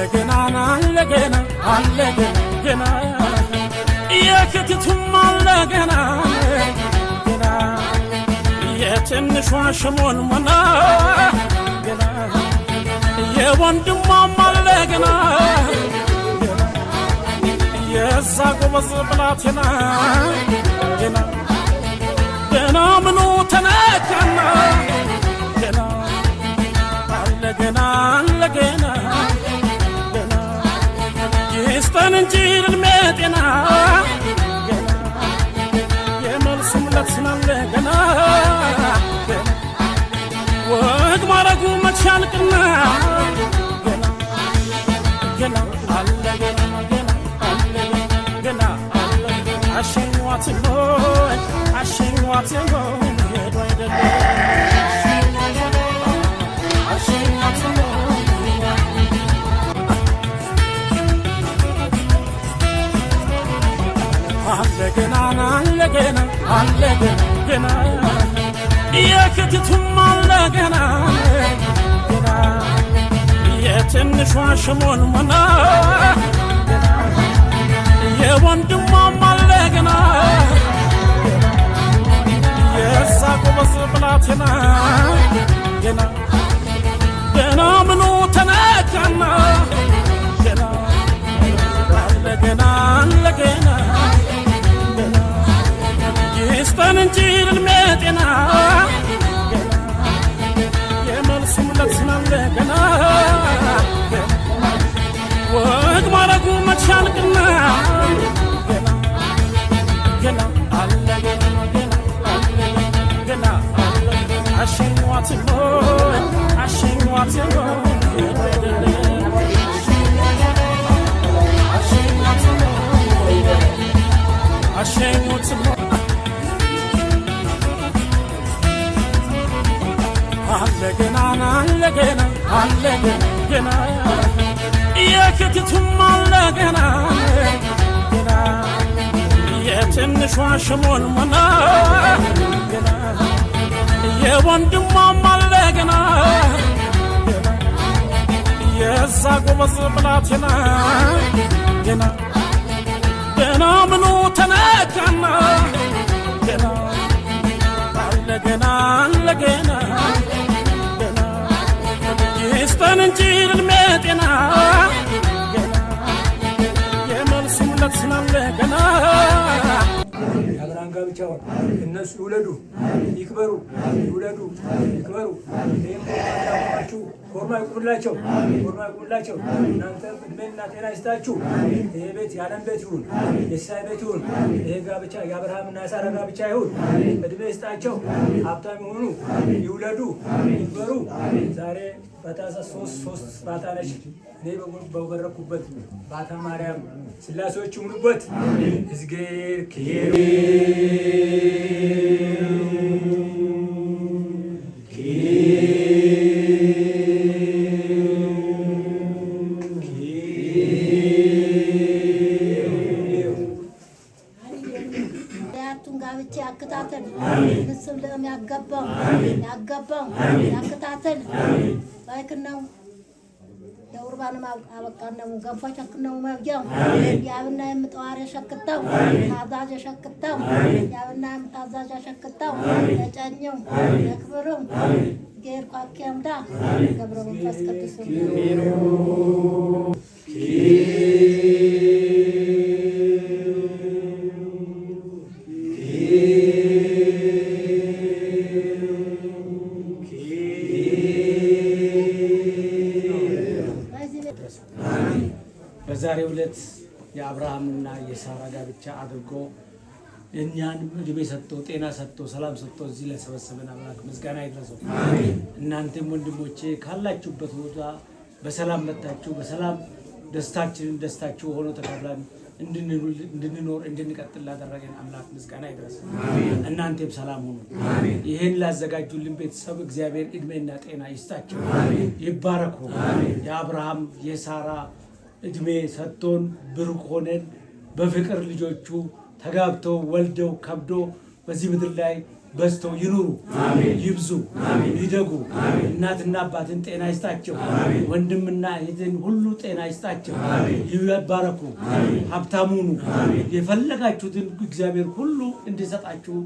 አለገና አለገና አለገና የክትቱም አለገና የትንሿ የወንድሟም የዛ ጎበዝ ብላቴና ገና ምኑ ተነካና ሰላም እንጂ እድሜ ጤና የመልሱ ምለት ስላለ ገና ወግ ማረጉ መቻልቅና ገና አለ ገና ገና አለ ገና አለ አሸኟት ሆይ አሸኟት ሆይ ሄዱ አይደለም አለ ገና አለ ገና አለ ገና የክትቱም አለ ገና ገና የትንሿ የወንድሟም አለ ገና የሳቆበዝ ብላቴና ገና ገና ምኑ ተነካና ገና አለ ገና ይስጠን እንጂ እድሜ ጤና የመልሱ ሙለት ገና ወግ ማረጉ አለገና አለገና አለገና ገና የከተቱም የትንሿ ሽሞንሞና ገና የወንድሟም አለገና የዛ ጎበዝ ብላቴና ገና ገና ምኑ ተነካና ገና አለገና አለገና ይስጠን እንጂ እድሜ ጤና የመልሱ ለት ስላለ ገና ያብራን ጋብቻ እነሱ ይውለዱ ይክበሩ ይውለዱ ይክበሩ። ይህምችሁ ኮርማ ይቁምላቸው ኮርማ ይቁምላቸው። እናንተ እድሜና ጤና ይስጣችሁ። ይሄ ቤት የዓለም ቤት ይሁን፣ የሲሳይ ቤት ይሁን። ይሄ ጋብቻ የአብርሃምና የሳራ ጋብቻ ይሁን። እድሜ ይስጣቸው፣ ሀብታም ይሆኑ፣ ይውለዱ፣ ይክበሩ። ዛሬ ሶስት ሶስት ባታ ነች። እኔ በወረኩበት ባታ ማርያም ስላሴዎች ሙሉበት እዝጌር መብት ያከታተል ንስም ለም ያገባው ያገባው ያከታተል ባይክነው የቁርባንም አበቃነው ገንፎ ሸክነው መብጃው የአብና የምጠዋር የሸክተው ታዛዥ የሸክተው የአብና የምታዛዥ የሸክተው የጨኘው የክብርም ጌር ገብረ መንፈስ ቅዱስ ሳራ ጋር ብቻ አድርጎ እኛን እድሜ ሰጥቶ ጤና ሰጥቶ ሰላም ሰጥቶ እዚህ ለሰበሰበን አምላክ ምስጋና ይድረሰው። እናንተም ወንድሞቼ ካላችሁበት ቦታ በሰላም መታችሁ በሰላም ደስታችንን ደስታችሁ ሆኖ ተካፍለን እንድንኖር እንድንቀጥል ላደረገን አምላክ ምስጋና ይድረስ። እናንተም ሰላም ሆኑ። ይህን ላዘጋጁልን ቤተሰብ እግዚአብሔር እድሜና ጤና ይስጣቸው፣ ይባረኩ። የአብርሃም የሳራ እድሜ ሰጥቶን ብሩክ ሆነን በፍቅር ልጆቹ ተጋብተው ወልደው ከብዶ በዚህ ምድር ላይ በዝተው ይኑሩ፣ ይብዙ፣ ይደጉ። እናትና አባትን ጤና ይስጣቸው። ወንድምና እህትን ሁሉ ጤና ይስጣቸው፣ ይባረኩ፣ ሀብታሙኑ የፈለጋችሁትን እግዚአብሔር ሁሉ እንዲሰጣችሁ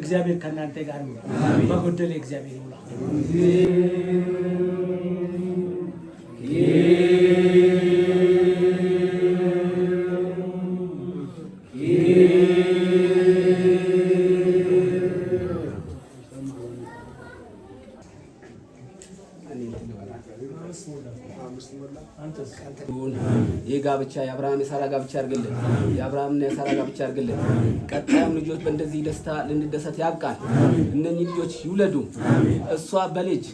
እግዚአብሔር ከእናንተ ጋር ነው። በጎደለ እግዚአብሔር ይሙላ። የጋብቻ የአብርሃም የሳራ ጋብቻ ያርግልን። የአብርሃምና የሳራ ጋብቻ ያርግልን። ቀጣዩም ልጆች በእንደዚህ ደስታ ልንደሰት ያብቃል። እነኚህ ልጆች ይውለዱ። እሷ በልጅ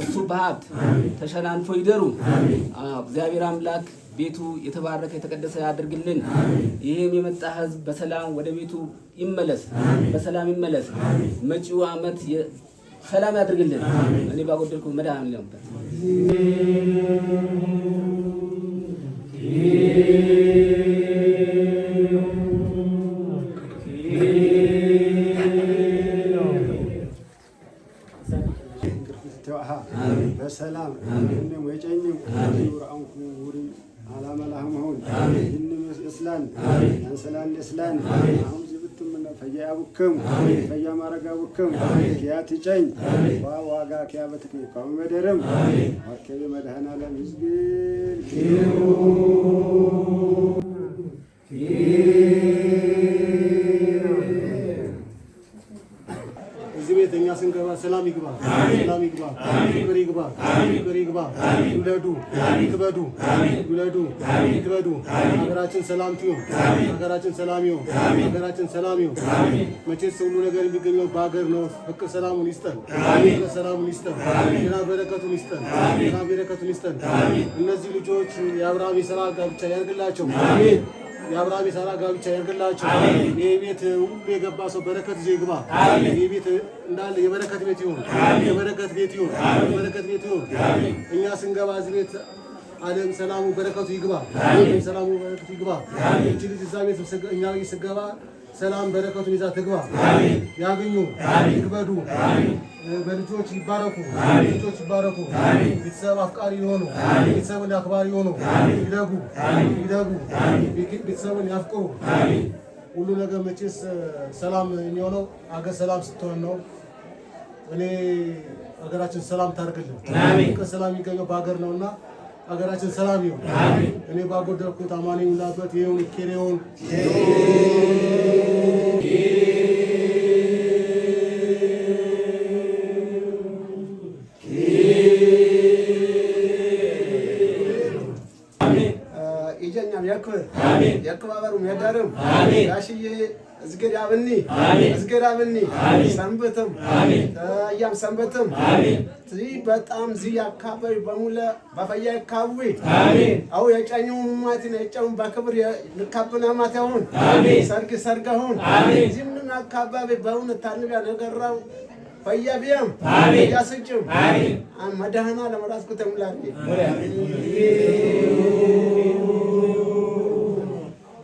እሱ በሀብት ተሸናንፎ ይደሩ። እግዚአብሔር አምላክ ቤቱ የተባረከ የተቀደሰ ያድርግልን። ይህም የመጣ ህዝብ በሰላም ወደ ቤቱ ይመለስ፣ በሰላም ይመለስ። መጪው ዓመት ሰላም ያድርግልን። እኔ ባጎደልኩ መድኃኒዓለም ሊሆንበት በሰላም እንደሞ ፈያ ያቡክሙ ፈያ ማረጋ ያቡክሙ ኪያ ትጨኝ ዋጋ ኪያ በትክኒ ካሁን መደርም ዋከቢ መድኃኔዓለም ህዝብል እዚህ ቤተኛ ስንገባ ሰላም ይግባ፣ ሰላም ይግባ፣ ፍቅር ይግባ። ይግባ። ይውለዱ ይክበዱ ይውለዱ ይክበዱ። ሀገራችን ሰላም ትሁን። ሀገራችን ሰላም ይሁን። ሀገራችን ሰላም ይሁን። መቼስ ሁሉ ነገር የሚገኘው በሀገር ነው። ፍቅር ሰላሙን ይስጠን። ፍቅር ሰላሙን ይስጠን። ጤና በረከቱን ይስጠን። ጤና በረከቱን ይስጠን። እነዚህ ልጆች የአብርሃም የሰራ ጋብቻ ያድርግላቸው። የአብርሃም የሳራ ጋብቻ ያድርግላቸው። ይህ ቤት ሁሉ የገባ ሰው በረከት ይዞ ይግባ። ይህ ቤት እንዳለ የበረከት ቤት ይሁን፣ የበረከት ቤት ይሁን፣ የበረከት ቤት ይሁን። እኛ ስንገባ እዚህ ቤት ዓለም ሰላሙ በረከቱ ይግባ፣ ሰላሙ በረከቱ ይግባ። እቺ ልጅ እዛ ቤት እኛ ስገባ ሰላም በረከቱን ይዛ ትግባ። አሜን። ያግኙ፣ ይክበዱ፣ አሜን። በልጆች ይባረኩ፣ አሜን። ልጆች ይባረኩ፣ አሜን። ቤተሰብ አፍቃሪ ይሆኑ። የሆኑ ቤተሰብን አክባሪ አሜን። ይደጉ፣ አሜን። ይደጉ፣ አሜን። ቤተሰብን ያፍቅሩ። ሁሉ ነገር መቼስ ሰላም የሚሆነው አገር ሰላም ስትሆን ነው። እኔ ሀገራችን ሰላም ታርግልን። ሰላም የሚገኘው በሀገር ነውና ሀገራችን ሰላም ይሁን። እኔ ባጎደልኩት አማኔ ሁላበት ይሁን ኬሬውን የአከባበሩም ያዳርም ጋሽዬ እዝገዳ ብኒ እዝገዳ ብኒ ሰንበትም እያም ሰንበትም ዚ በጣም ዚ አካባቢ በሙለ በፈያ ካዊ አው የጨኙ ማቲን የጨኙ በክብር ንካብና ማት ያሁን ሰርግ ሰርጋሁን ዚ ምን አካባቢ በውን ታንቢያ ነገራው ፈያ ቢያም ፈያ ስጭም መድህና ለመራስኩ ተሙላል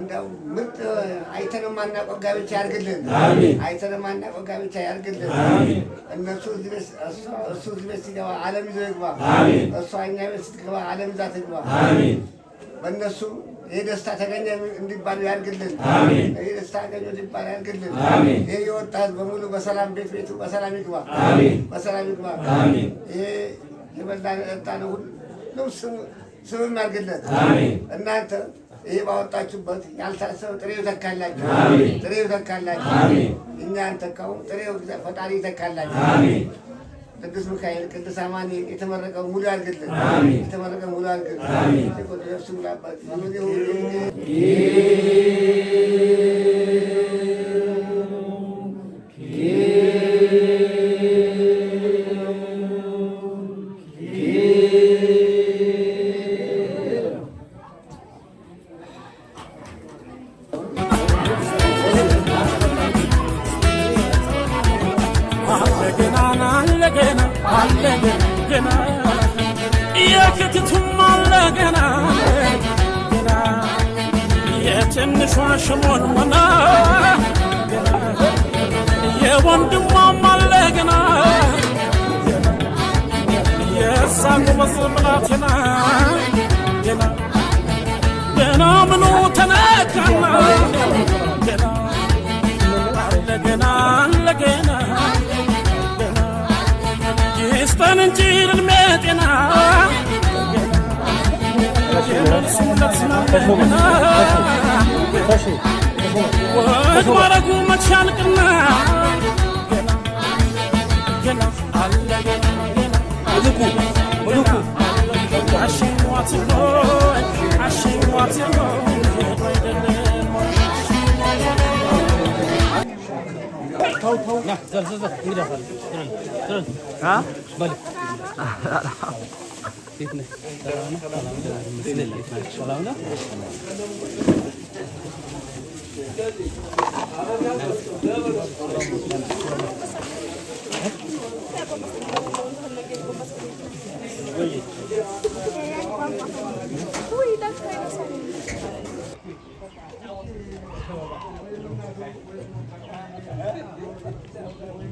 እንደው ምርጥ አይተንም ማናውቀው ጋብቻ ያርግልን አይተንም ማናውቀው ጋብቻ ያድርግልን። እነሱ እሱ እዚህ ቤት ሲገባ ዓለም ይዞ ይግባ። እሷ እኛ ቤት ስትገባ ዓለም ይዛ ትግባ። በእነሱ ይህ ደስታ ተገኘ እንዲባሉ ያድርግልን። ይህ ደስታ አገኘ እንዲባሉ ያርግልን ይህ የወጣት በሙሉ በሰላም ቤት ቤቱ በሰላም ይግባ፣ በሰላም ይግባ። ይህ የበላን የጠጣነው ሁሉም ስም ስምም ያድርግልን እናንተ ይህ ባወጣችሁበት ያልታሰበ ጥሬው ተካላችሁ፣ ጥሬው ተካላችሁ። እኛ ተካው ጥሬው ፈጣሪ ተካላችሁ። ቅዱስ ሚካኤል ቅዱስ አማኒ የተመረቀ ሙሉ አድርግልን፣ የተመረቀ ሙሉ አድርግልን። ቆደሱ ላባት ብላቴና ገና ምኑ ተነካና ገና ለገና ይስጠን እንጂ እድሜ ጤና ወግ ማረጉ መቻልቅና ገና አለ ገና ገና what thôi thôi nha dần dần dần đi đâu dần dần hả bật Thank you. Hui, das kann ich nicht.